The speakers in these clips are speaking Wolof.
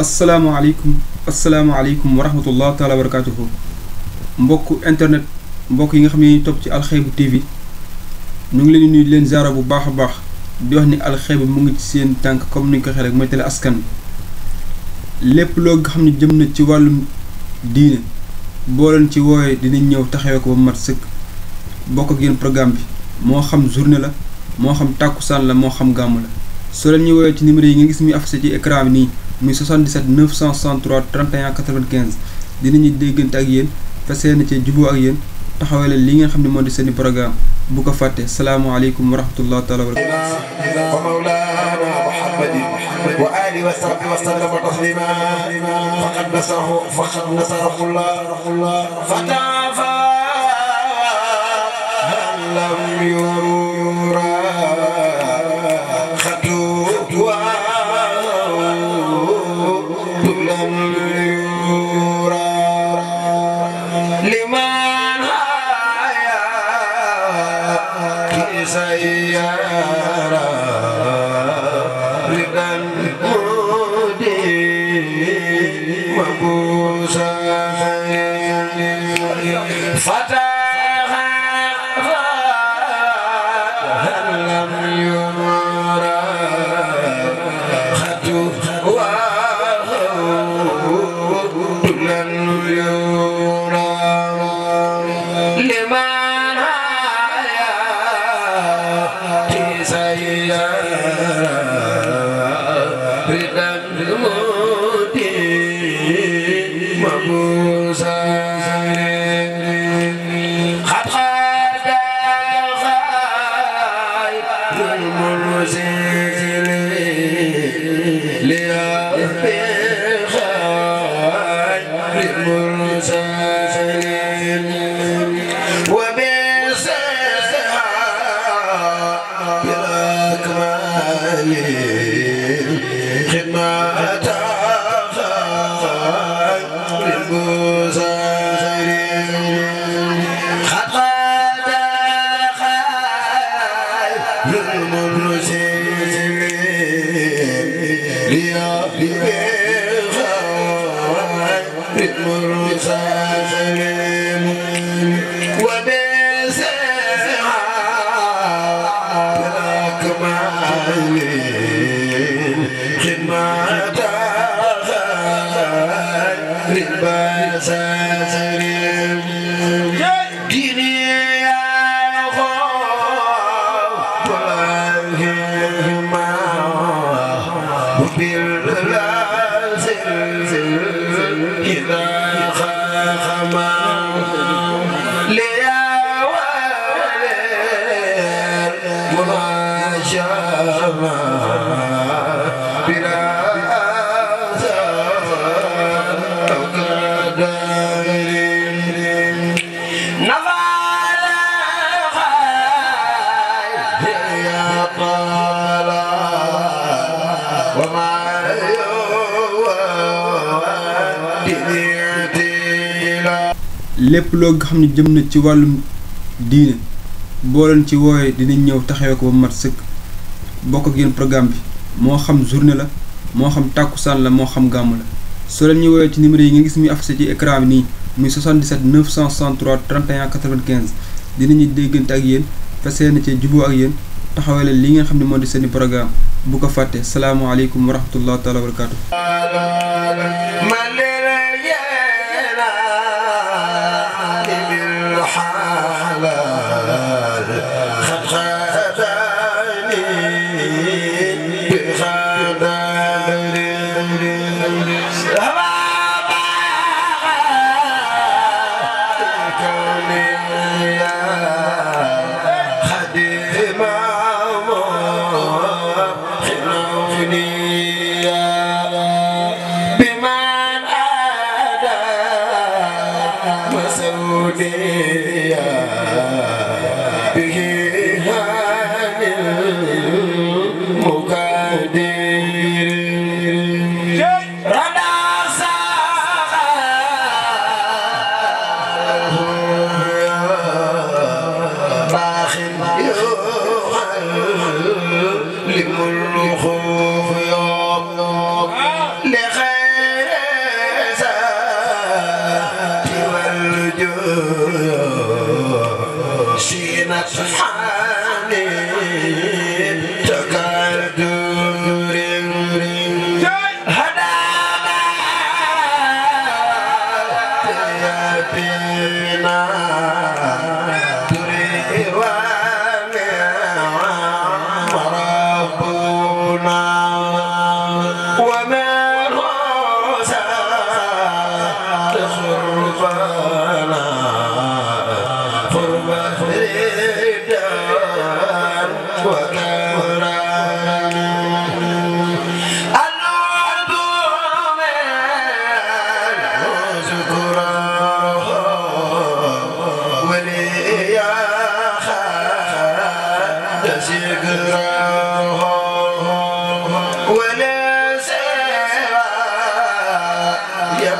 asalaamaaleykum asalaamaaleykum wa rahmatullah taala wa barakatuhu mbokk internet mbokk yi nga xam ne ñu topp ci alxeebu TV ñu ngi leen di nuyu leen ziara bu baax a baax di wax ni alxeebu mu ngi ci seen tànk comme ni ñu ko xelee mooy télé askan bi lépp loo xam ne jëm na ci wàllum diine boo leen ci woowee dinañ ñëw taxawee ko ba mat sëkk bokk ak yéen programme bi moo xam journée la moo xam tàkkusaan la moo xam gàmmu la soo leen ñu woowee ci numéro yi nga gis muy affiché ci écran nii. muy 77 963 31 95 dinañu déggante ak yéen fas yéene ci juboo ak yéen taxawale li nga xam ne moo di seeni programme bu ko fàtte salaamaaleykum wa rahmatullah taala wa barakatu وآله وصحبه وسلم تسليما فقد نصره فقد نصره الله فتعافى من لم يرى المودي مبوسا فتى خد ritmo تنزل إذا lépp loo xam ne jëm na ci wàllum diine boo leen ci wooyee dinañ ñëw taxawee ko ba mat sëkk bokk ak yéen programme bi moo xam journée la moo xam tàkkusaan la moo xam gàmm la soo leen ñu wooyee ci numéro yi nga gis muy affiché ci écran bi nii muy 77 963 31 95 dinañu déggante ak yéen fas yéene ci juboo ak yéen taxawee leen li ngeen xam ne moo di seeni programme bu ko fàtte salaamaaleykum wa rahmatullah taala wa barakatu مدحاني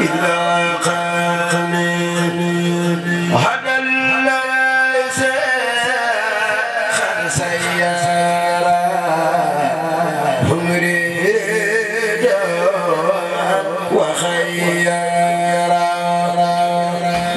إلا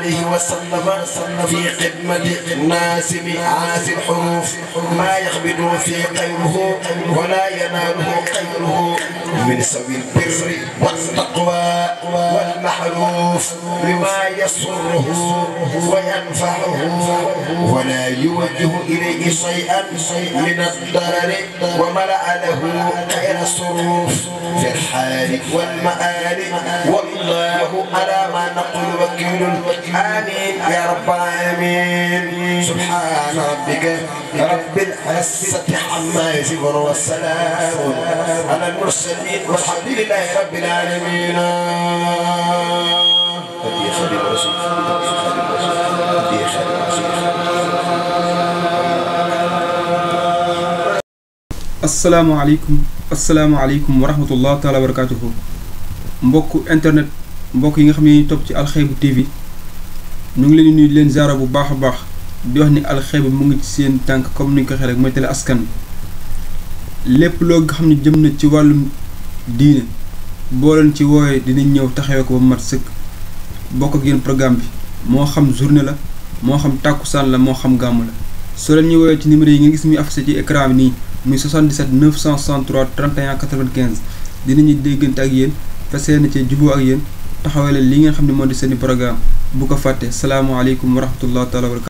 عليه وسلم في خدمة ناسم عاس الحروف ما يخبد في قيمه ولا يناله قيمه من سوي البر والتقوى والمحروف بما يسره وينفعه ولا يوجه إليه شيئا من الضرر وملأ له غير الصروف في الحال والمآل والله على ما نقول وكيل الوكيل آمين يا رب العالمين سبحان ربك رب العزة عما يصفون والسلام على المرسلين والحمد لله رب العالمين هدي خليل رسول هدي خليل asalaamaaleykum asalaamaaleykum wa rahmatullah taala wa barakaatuhu mbokk internet mbokk yi nga xam ne topp ci alxaybu tv ñu ngi leen di nuyu leen ziara bu baax a baax di wax ni alxebi mu ngi ci seen tànk comme ni ñu ko waxee rek mooy télé askan lépp loo xam ne jëm na ci wàllum diine boo leen ci wooyee dinañ ñëw taxawee ko ba mat sëkk bokk ak yéen programme bi moo xam journée la moo xam tàkkusaan la moo xam gàmmu la soo leen ñu wooyee ci numéro yi nga gis muy affiché ci écran bi nii muy 77 963 31 95 dinañu déggante ak yéen fas yéene ci juboo ak yéen taxawee leen li ngeen xam ne moo di seeni programme bu ko fàtte salaamaaleykum wa rahmatullah taala wa